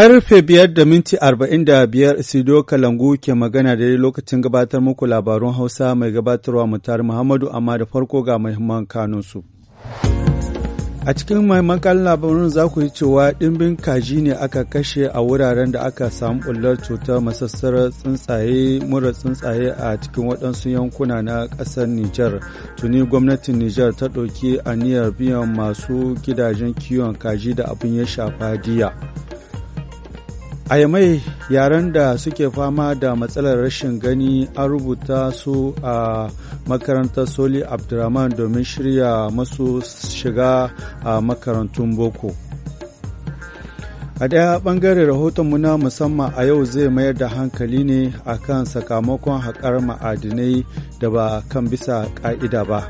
Karfe biyar da minti arba'in da biyar Sido Kalangu ke magana da lokacin gabatar muku labarun Hausa mai gabatarwa mutar Muhammadu amma da farko ga muhimman kanunsu. A cikin maimakon labarun za ku yi cewa dimbin kaji ne aka kashe a wuraren da aka samu bullar cutar masassarar tsuntsaye mura tsuntsaye a cikin waɗansu yankuna na ƙasar Nijar. Tuni gwamnatin Nijar ta ɗauki aniyar biyan masu gidajen kiwon kaji da abin ya shafa diya. A yamai yaren da suke fama da matsalar rashin gani an rubuta su a makarantar Soli Abdurrahman domin shirya masu shiga a makarantun boko. A ɗaya ɓangare rahotonmu na musamman a yau zai mayar da hankali ne a kan sakamakon haƙar ma'adinai da ba kan bisa ƙa'ida ba.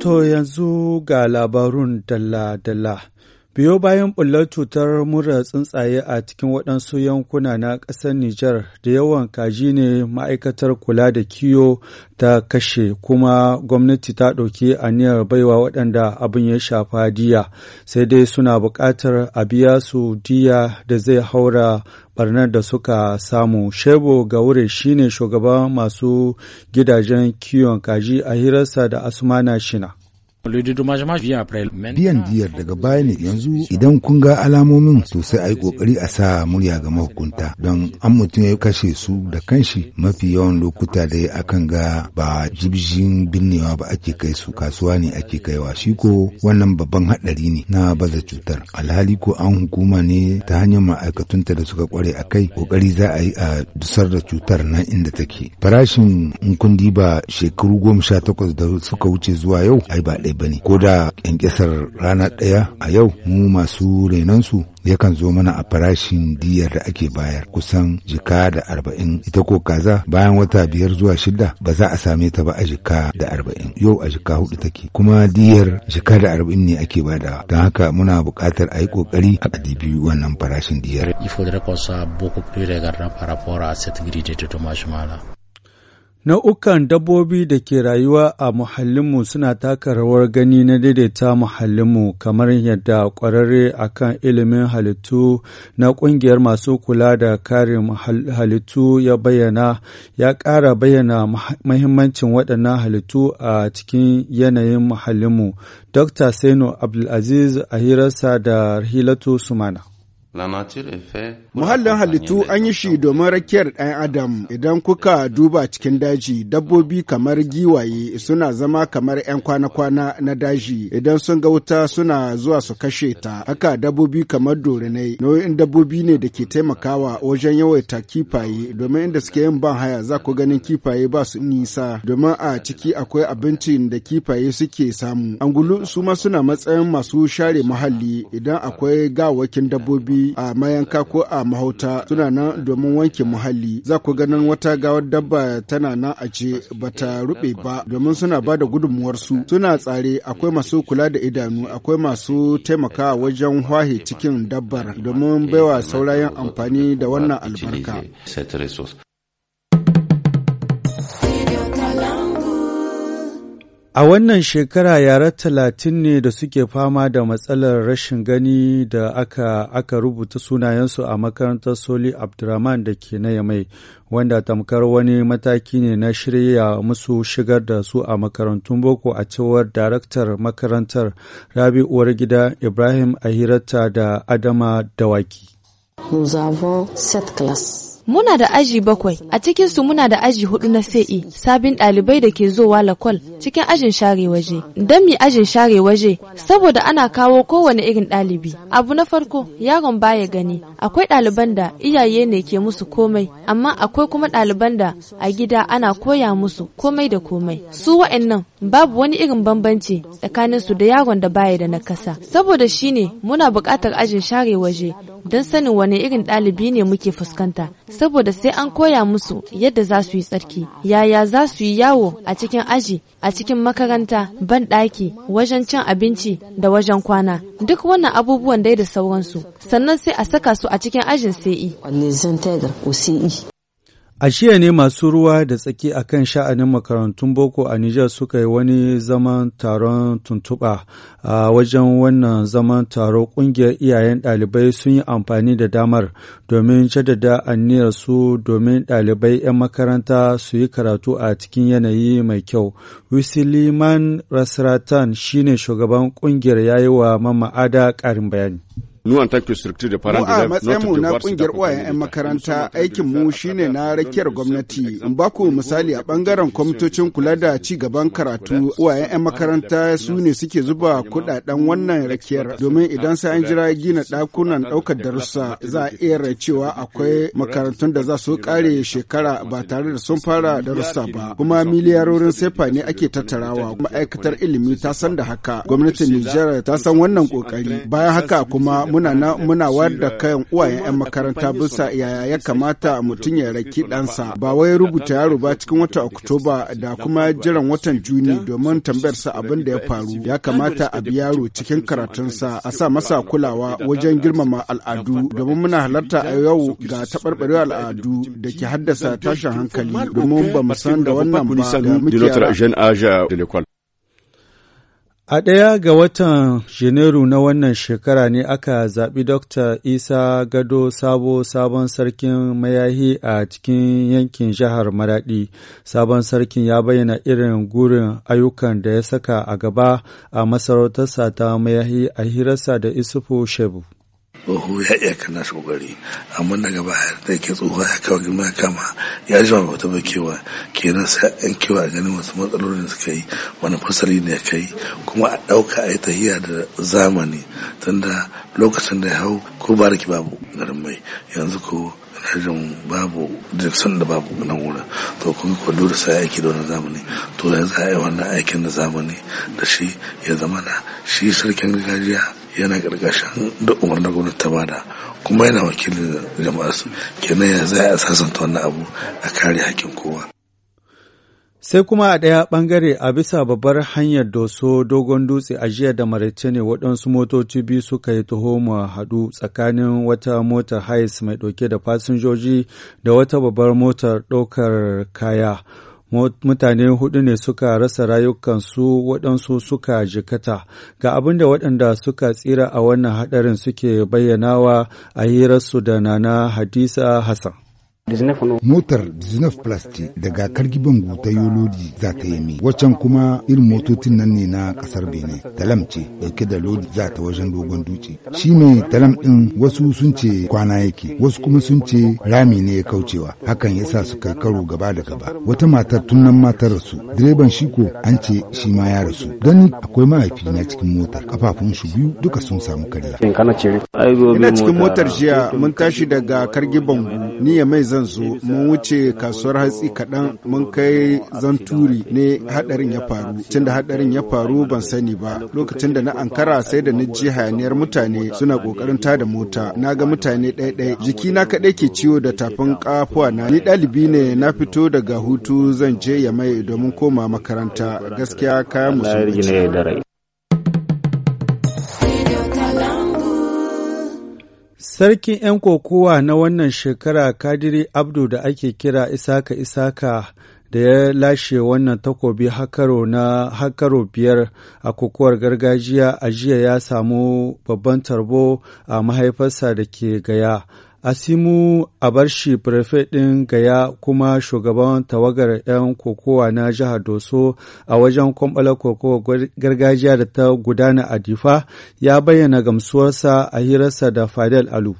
To yanzu ga labarun dalla-dalla. Biyo bayan bullar cutar mura tsuntsaye a cikin waɗansu yankuna na ƙasar Nijar da yawan kaji ne ma'aikatar kula da kiyo ta kashe kuma gwamnati ta ɗauki aniyar baiwa waɗanda abin ya shafa diya sai dai suna buƙatar a biya su diya da zai haura barnar da suka samu. Shebo Gaure shine shugaban masu gidajen kiwon kaji a hirarsa da Asumana Shina. Biyan diyar daga baya ne yanzu idan kun ga alamomin to sai a yi kokari a sa murya ga mahukunta don an mutum ya kashe su da kanshi mafi yawan lokuta da ya akan ga ba jibjin binnewa ba ake kai su kasuwa ne ake kaiwa shi ko wannan babban haɗari ne na baza cutar alhali ko an hukuma ne ta hanyar ma'aikatunta da suka kware a kai kokari za a yi a dusar da cutar nan inda take farashin in kun diba shekaru goma sha takwas da suka wuce zuwa yau ai ba kaɗai ba ne ko da ƙyanƙyasar rana ɗaya a yau mu masu renansu yakan zo mana a farashin diyar da ake bayar kusan jika da arba'in ita ko kaza bayan wata biyar zuwa shida ba za a same ta ba a jika da arba'in yau a jika hudu take kuma diyar jika da arba'in ne ake bada don haka muna buƙatar a yi ƙoƙari a dibi wannan farashin diyar. Il faudrait qu'on soit beaucoup plus regardant par rapport à cette grille de Nau'ukan dabbobi da ke rayuwa a muhallinmu suna taka rawar gani na daidaita muhallinmu kamar yadda ƙwararre a kan ilimin halittu na ƙungiyar masu kula da kare halittu ya bayyana ya ƙara bayyana mahimmancin waɗannan halittu a cikin yanayin muhallinmu. Dr. Seno Abdulaziz a hirarsa da Hilatu Sumana. Muhallin halittu an yi shi domin rakiyar ɗan adam idan kuka duba cikin daji dabbobi kamar giwaye suna zama kamar 'yan kwana-kwana na daji idan sun ga wuta suna zuwa su kashe ta haka dabbobi kamar dorinai nau'in dabbobi ne da ke taimakawa wajen yawaita kifaye domin inda suke yin ban haya za ku ganin kifaye ba su nisa domin a ciki akwai abincin da kifaye suke samu angulu su ma suna matsayin masu share muhalli idan akwai gawakin dabbobi a mayanka ko a mahauta suna nan domin wanke muhalli za ku ganin wata gawar dabba tana nan a ce ba ta rube ba domin suna ba da gudunmuwarsu suna tsare akwai masu kula da idanu akwai masu taimakawa wajen hwahe cikin dabbar domin baiwa saurayin amfani da wannan albarka A wannan shekara yara talatin ne da suke fama da matsalar rashin gani da aka, aka rubuta sunayensu a makarantar Soli abdulrahman da ke na Yamai, wanda tamkar wani mataki ne na shirya musu shigar da su a makarantun boko a cewar daraktar makarantar Rabi uwar gida Ibrahim Ahirata da Adama Dawaki. Nous avons sept classes. Muna da aji bakwai, a cikin su muna da aji hudu na sai e, sabin ɗalibai da ke zowa lakwal cikin ajin share waje. Don mi ajin share waje, saboda ana kawo kowane irin ɗalibi. Abu na farko, yaron baya gani, akwai ɗaliban da iyaye ne ke musu komai, amma akwai kuma ɗaliban da a gida ana koya musu komai da komai. Su wa'annan babu wani irin bambanci tsakanin su da yaron da baya da na kasa. Saboda shine muna buƙatar ajin share waje don sanin wani irin ɗalibi ne muke fuskanta. saboda sai an koya musu yadda za su yi tsarki yaya za su yi yawo a cikin aji a cikin makaranta ban ɗaki wajen cin abinci da wajen kwana duk wannan abubuwan dai da sauransu sannan sai a saka su a cikin ajin e. sai A shiya ne masu ruwa da tsaki a kan sha'anin makarantun boko a Nijar suka yi wani zaman taron tuntuɓa a wajen wannan zaman taro ƙungiyar iyayen ɗalibai sun yi amfani da damar domin jaddada aniyar su domin ɗalibai 'yan makaranta su yi karatu a cikin yanayi mai kyau. Wisiliman Rasratan shine shugaban ƙungiyar yayi wa ada ƙarin bayani. nous structure matsayin mu na kungiyar uwayen 'yan makaranta aikin mu shine na rakiyar gwamnati in ba ku misali a bangaren kwamitocin kula da ci gaban karatu uwayen 'yan makaranta su ne suke zuba kudaden wannan rakiyar domin idan sai an jira gina dakunan daukar darussa za a iya cewa akwai makarantun da za su kare shekara ba tare da sun fara darussa ba kuma miliyarorin sefa ne ake tattarawa ma'aikatar ilimi ta san da haka gwamnatin Nijar ta san wannan kokari bayan haka kuma muna na muna wadda kayan uwayen 'yan makaranta bisa yaya ya kamata mutum ya raki ɗansa ba wai rubuta yaro ba cikin watan oktoba da kuma jiran watan juni domin tambayar sa abin da ya faru ya kamata a bi yaro cikin karatun sa. a sa masa kulawa wajen girmama al'adu domin muna halarta a yau ga taɓarɓarewar al'adu da ke haddasa tashin hankali domin ba mu san da wannan ba da muke A ɗaya ga watan Janairu na wannan shekara ne aka zaɓi Dr. Isa Gado Sabo sabon sarkin mayahi a cikin yankin jihar Maraɗi. Sabon sarkin ya bayyana irin gurin ayyukan da ya saka a gaba a masarautarsa ta mayahi a hirarsa da Isufu Shebu. tsoho ya iya kana shi kokari amma daga baya da ke tsoho ya kawo girma ya kama ya jima ba ta kewa kenan sai an kewa a ganin wasu matsalolin da suka yi wani fasari ne ya kai kuma a ɗauka a yi tahiya da zamani tunda lokacin da ya hau ko ba ki babu garin mai yanzu ko rajin babu jinsin da babu na wurin to kun ko dole sai aiki da wani zamani to yanzu a yi wannan aikin da zamani da shi ya zamana shi sarkin gargajiya yana ƙarƙashin da na gwamnati ta bada kuma yana wakilin jama'a su kenan ya za a sasanta wannan abu a kare haƙƙin kowa sai kuma a ɗaya ɓangare a bisa babbar hanyar doso dogon dutse a jiya da maraice ne waɗansu motoci biyu suka yi ma haɗu tsakanin wata motar hais mai ɗauke da fasinjoji da wata babbar motar ɗaukar kaya mutane hudu ne suka rasa rayukansu waɗansu suka jikata ga abin da waɗanda suka tsira a wannan haɗarin suke bayyanawa a hirarsu da nana hadisa hassan Motar 19 plasti daga bangu ta Yolodi za ta yi Wacan kuma irin motocin nan ne na kasar Benin. Talam ce dauke da lodi za ta wajen dogon duci. Shi ne talam din wasu sun ce kwana yake, wasu kuma sun ce rami ne ya kaucewa. Hakan ya sa suka karo gaba da gaba. Wata matar tun nan ma rasu. Direban shi ko an ce shi ma ya rasu. Don akwai mahaifi na cikin motar. Kafafun shi biyu duka sun samu karya. Ina cikin motar jiya mun tashi daga bangu ni ya mai zan. zan zo mun wuce kasuwar hatsi kaɗan mun kai zanturi ne haɗarin ya faru tun da haɗarin ya faru ban sani ba lokacin da na ankara sai da na ji hayaniyar mutane suna ƙoƙarin tada mota na ga mutane ɗaiɗai jiki na kaɗai ke ciwo da tafin ƙafuwa na ni ɗalibi ne na fito daga hutu zan je ya mai domin koma makaranta gaskiya kayan musulunci Sarkin 'yan kokowa na wannan shekara Kadiri Abdu da ake kira Isaka Isaka da ya lashe wannan takobi hakaro na hakaro biyar a kokowar gargajiya a jiya ya samu babban tarbo a mahaifarsa da ke gaya Asimu Abarshi Prefet ɗin Gaya kuma shugaban tawagar 'yan kokowa na jihar Doso a wajen kwamɓalar kokowa gargajiya da ta gudana a Difa ya bayyana gamsuwarsa a hirarsa da Fadel Alu.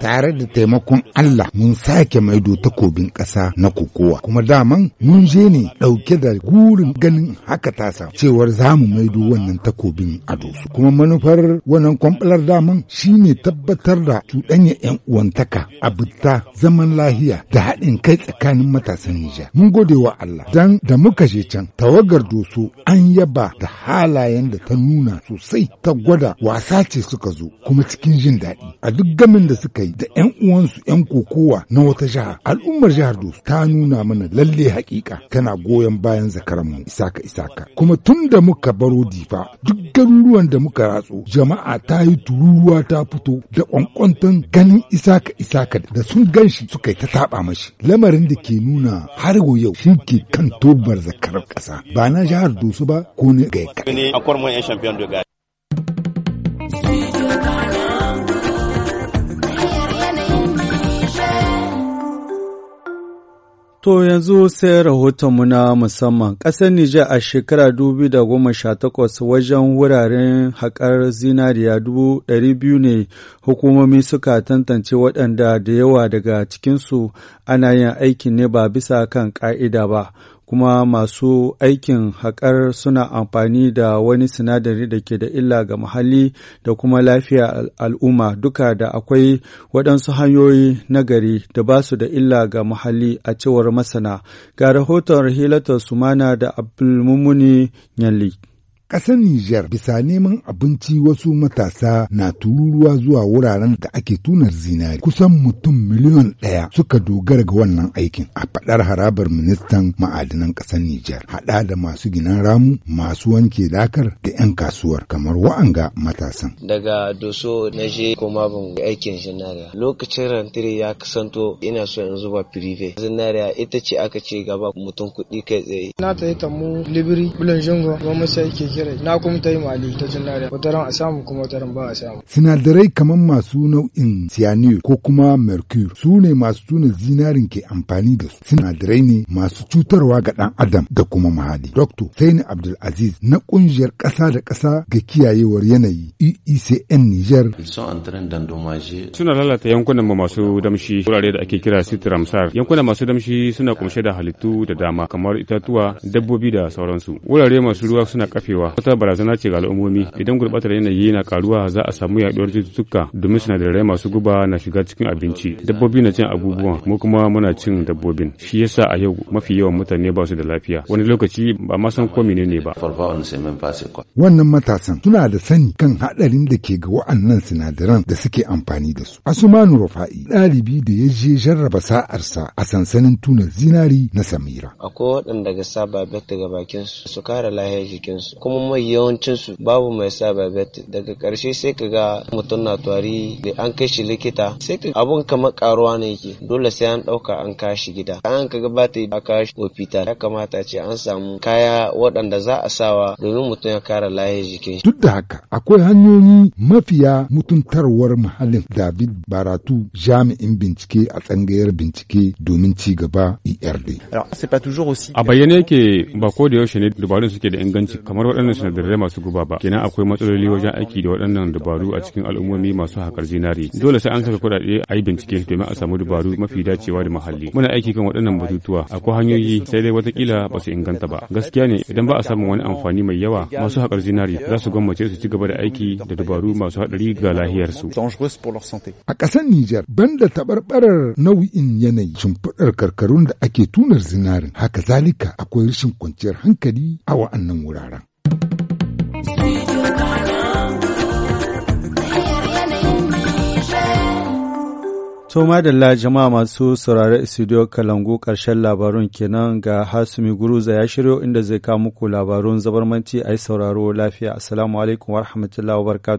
Tare da taimakon Allah mun sake maido takobin ƙasa na kokowa, kuma daman mun je ne ɗauke da gurin ganin haka tasa cewar za mu maido wannan takobin a dosu. Kuma manufar wannan kwamfalar daman shi ne tabbatar da cuɗanya 'yan uwantaka a bitta zaman lahiya da haɗin kai tsakanin matasan Nijar. Mun gode wa Allah dan da muka je can tawagar doso an yaba da halayen da ta nuna sosai ta gwada wasa ce suka zo kuma cikin jin daɗi. a duk gamin da suka yi da 'yan uwansu 'yan kokowa na wata jihar al'ummar jihar Dos ta nuna mana lalle hakika tana goyon bayan zakaranmu isaka isaka kuma tun da muka baro difa duk garuruwan da muka ratso jama'a ta yi tururuwa ta fito da ƙwanƙwanton ganin isaka isaka da sun ganshi suka yi ta taba mashi lamarin da ke nuna har yau shi ke kan tobar zakarar ƙasa ba na jihar Dosu ba ko ne ga To yanzu sai rahotonmu na musamman, ƙasar Nijar a shekara 2018 wajen wuraren haƙar zinariya 200,000 ne hukumomi suka tantance waɗanda da yawa daga cikinsu ana yin aikin ne ba bisa kan ƙa'ida ba. kuma masu aikin haƙar suna amfani da wani sinadari da ke da illa ga muhalli da kuma lafiya al'umma duka da akwai waɗansu hanyoyi na gari da ba su da illa ga muhalli a cewar masana ga rahoton rahilatar sumana da abdulmumuni yanli. Ƙasar Nijar bisa neman abinci wasu matasa na tururuwa zuwa wuraren da ake tunar zinari. Kusan mutum miliyon ɗaya suka dogara ga wannan aikin a faɗar harabar ministan ma'adinan ƙasar Nijar. Haɗa da masu ginan ramu, masu wanke dakar da 'yan kasuwar kamar wa'anga matasan. Daga doso na je kuma ban aikin zinariya. Lokacin rantiri ya kasanto ina so in zuba firife. Zinariya ita ce aka ce gaba mutum kuɗi kai tsaye. Na ta yi tamu libiri bulan jingo, gwamnati ake sinadarai na kuma ta yi mali ta wata ran a samu kuma ran ba a samu. Sinadarai kamar masu nau'in cyanide ko kuma mercury su ne masu tuna zinarin ke amfani da su sinadarai ne masu cutarwa ga dan adam da kuma mahali. Dr. Saini Abdulaziz na ƙungiyar kasa da ƙasa ga kiyayewar yanayi EECN Niger. Suna lalata yankunan mu masu damshi wurare da ake kira ramsar Yankunan masu damshi suna kumshe da halittu da dama kamar itatuwa, dabbobi da sauransu. Wurare masu ruwa suna kafewa wata barazana ce ga al'ummomi idan gurbatar yanayi na karuwa za a samu yaduwar cututtuka domin sinadarai masu guba na shiga cikin abinci dabbobi na cin abubuwan mu kuma muna cin dabbobin shi yasa a yau mafi yawan mutane ba su da lafiya wani lokaci ba ma san ko ne ba wannan matasan suna da sani kan hadarin da ke ga wa'annan sinadaran da suke amfani da su asumanu rufa'i dalibi da ya je jarraba sa'arsa a sansanin tuna zinari na samira akwai waɗanda ga saba daga bakin su su kare lahiyar jikinsu kuma kuma yawancinsu babu mai sa diabetes daga ƙarshe sai ka ga mutum na tari da an kai shi likita sai ka abun kamar karuwa ne yake dole sai an ɗauka an kashi gida an ka gabata a kashi ofita ya kamata ce an samu kaya waɗanda za a sawa domin mutum ya kara lahiyar jikin Duk da haka akwai hanyoyi mafiya mutuntarwar muhallin David Baratu jami'in bincike a tsangayar bincike domin ci gaba ERD. A bayyane yake ba ko da yaushe ne dubarun suke da inganci kamar waɗannan sinadarai masu guba ba kenan akwai matsaloli wajen aiki da waɗannan dabaru a cikin al'ummomi masu haƙar zinari dole sai an saka kuɗaɗe a yi bincike domin a samu dabaru mafi dacewa da muhalli muna aiki kan waɗannan batutuwa akwai hanyoyi sai dai watakila ba su inganta ba gaskiya ne idan ba a samu wani amfani mai yawa masu haƙar zinari za su gwammace su ci gaba da aiki da dabaru masu haɗari ga lahiyarsu a ƙasar Nijar banda tabarbarar nau'in yanayi shimfiɗar karkarun da ake tunar zinarin haka zalika akwai rashin kwanciyar hankali a wa'annan wuraren To madalla jama'a masu saurare studio Kalangu karshen labarun kenan ga Hasumi Guruza ya shiryo inda zai kawo muku labarun zabarmanci a yi sauraro lafiya. Assalamu alaikum wa rahmatullahi wa